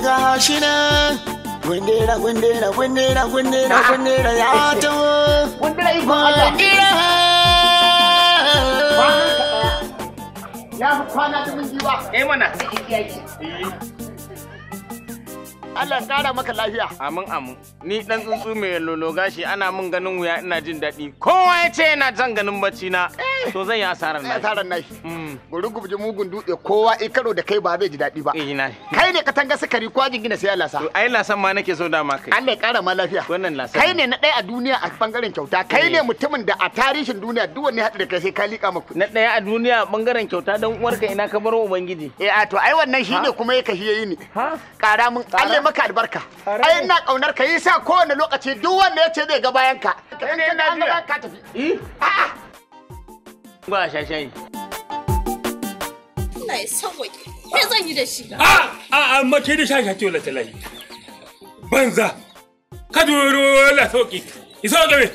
gwindera ga shi nan gwindera gwindera gwindera ah. gwindera gwindera ya taho gwindera ya fi kwana ta minti ba eh mana eh. Allah kara maka lafiya. Amin amin. Ni dan tsuntsu mai lolo gashi ana mun ganin wuya ina jin daɗi. Kowa ya ce yana jan ganin bacci na. Eh to zan yi asarar nashi asarar nashi gurin hmm. gubji mugun dutse kowa in karo da kai ba zai ji daɗi ba eh, kai ne ka tanga sukari ko ajin gina sai ya lasa ai lasan ma nake so ma kai Allah ya ƙara ma lafiya wannan lasan kai ne na ɗaya a duniya a bangaren kyauta kai ne eh. mutumin da a tarihin duniya duk wani hadda kai sai ka liƙa maku na ɗaya a duniya a bangaren kyauta dan uwarka ina ka baro ubangiji eh a to ai wannan shine kuma yake shi yayi ni ƙara mun Allah maka albarka ai ina kaunar ka yi sa kowane lokaci duk wanda ya ce zai ga bayan ka kai ne na ka tafi eh? a'a ba a shashayi ina zan yi da shi a a a da wala banza ka duro la sauƙi isa ga me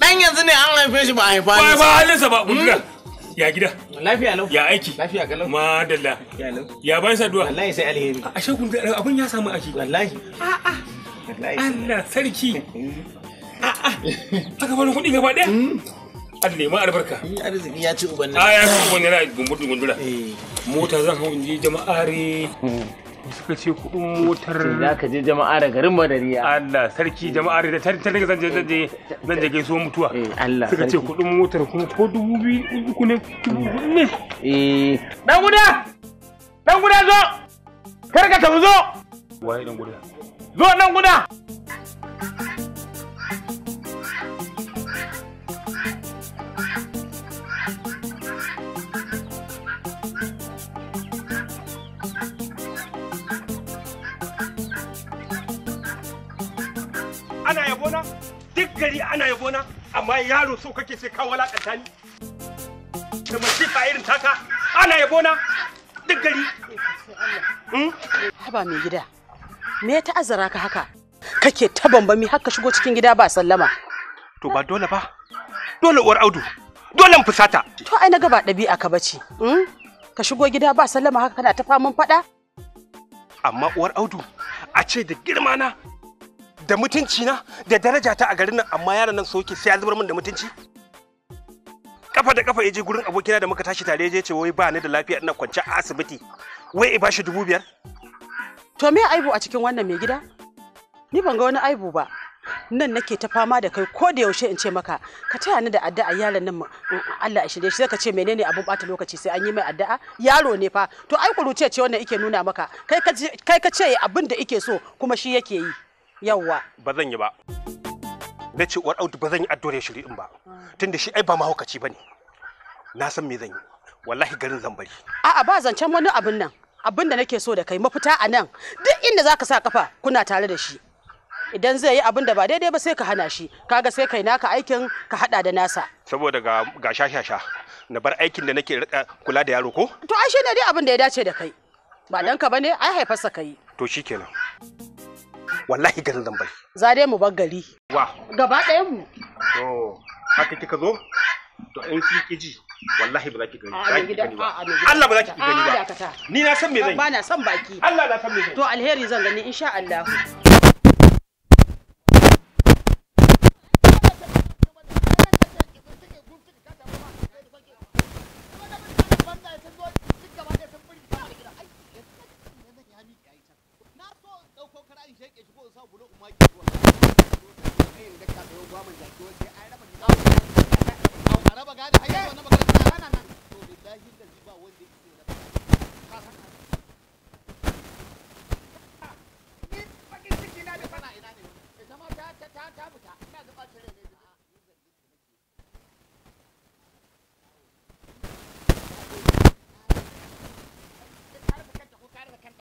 dan yanzu ne an haife shi ba a haifa ba ba halinsa ba mutuka hmm? ya gida lafiya lau ya aiki lafiya galau madalla ya lau ya bayan saduwa wallahi sai alheri a shakun abun ya samu aiki wallahi a a Allah sarki hmm. a a aka bani kuɗi gaba ɗaya hmm. an nemi albarka arziki ya ci ubanni a ah, ya ci ubanni na gumbudu gundura eh. mota zan hau jama'are hmm. suka ce kudin motar za ka je jama'are garin madariya Allah sarki da tare tare zan je zan je zan je gaiso mutuwa eh, Allah suka ce kudin motar kuma ko dubu biyu uku ne dubu ne eh dan guda dan guda zo kar tafi zo waye dan guda zo dan guda gari ana na amma yaro so kake sai ka walakanta ni da masifa irin taka ana yabona duk gari hmm? haba mai gida me ya azara ka haka kake ta bambami haka shigo cikin gida ba sallama to ba dole ba dole uwar audu dole in fusata to ai na gaba ɗabi'a ka bace hmm? ka shigo gida ba sallama haka kana ta faman faɗa amma uwar audu a ce da girma na da mutunci na da daraja ta a garin nan amma yaron nan yake sai ya zubar min da mutunci kafa da kafa yaje gurin abokina da muka tashi tare yaje ce wai ba ni da lafiya ina kwance a asibiti wai i bashi dubu biyar to me aibu a cikin wannan mai gida ni ban ga wani aibu ba nan nake ta fama da kai ko da yaushe in ce maka ka taya ni da addu'a yaron nan Allah ya shirye shi ka ce menene abun bata lokaci sai an yi mai addu'a yaro ne fa to ai kuruce ce wannan yake nuna maka kai ka ce abin da yake so kuma shi yake yi Yawwa. Ba zan yi ba. Na ce uwar Audu ba zan yi addu'ar shiri in ba. Tunda shi ai ba mahaukaci ba ne. Na san me zan yi. Wallahi garin zan bari. A'a ba zancen wani abin nan. Abin da nake so da kai mafita a nan. Duk inda zaka sa kafa kuna tare da shi. Idan zai yi abin da ba daidai ba sai ka hana shi. Kaga sai kai naka aikin ka hada da nasa. Saboda ga ga shashasha na bar aikin da nake kula da yaro ko? To ai shine dai abin da ya dace da kai. Ba danka bane ai haifarsa kai. To shikenan. wallahi ga zan bai. za dai mu bar gari wa gaba ɗayan mu to haka kika zo to in ki ki ji wallahi ba za ki gani ba ki gani gida. Allah ba za ki gani ba ni na san me zan yi ba na san baki Allah na san me zan to alheri zan gani insha Allah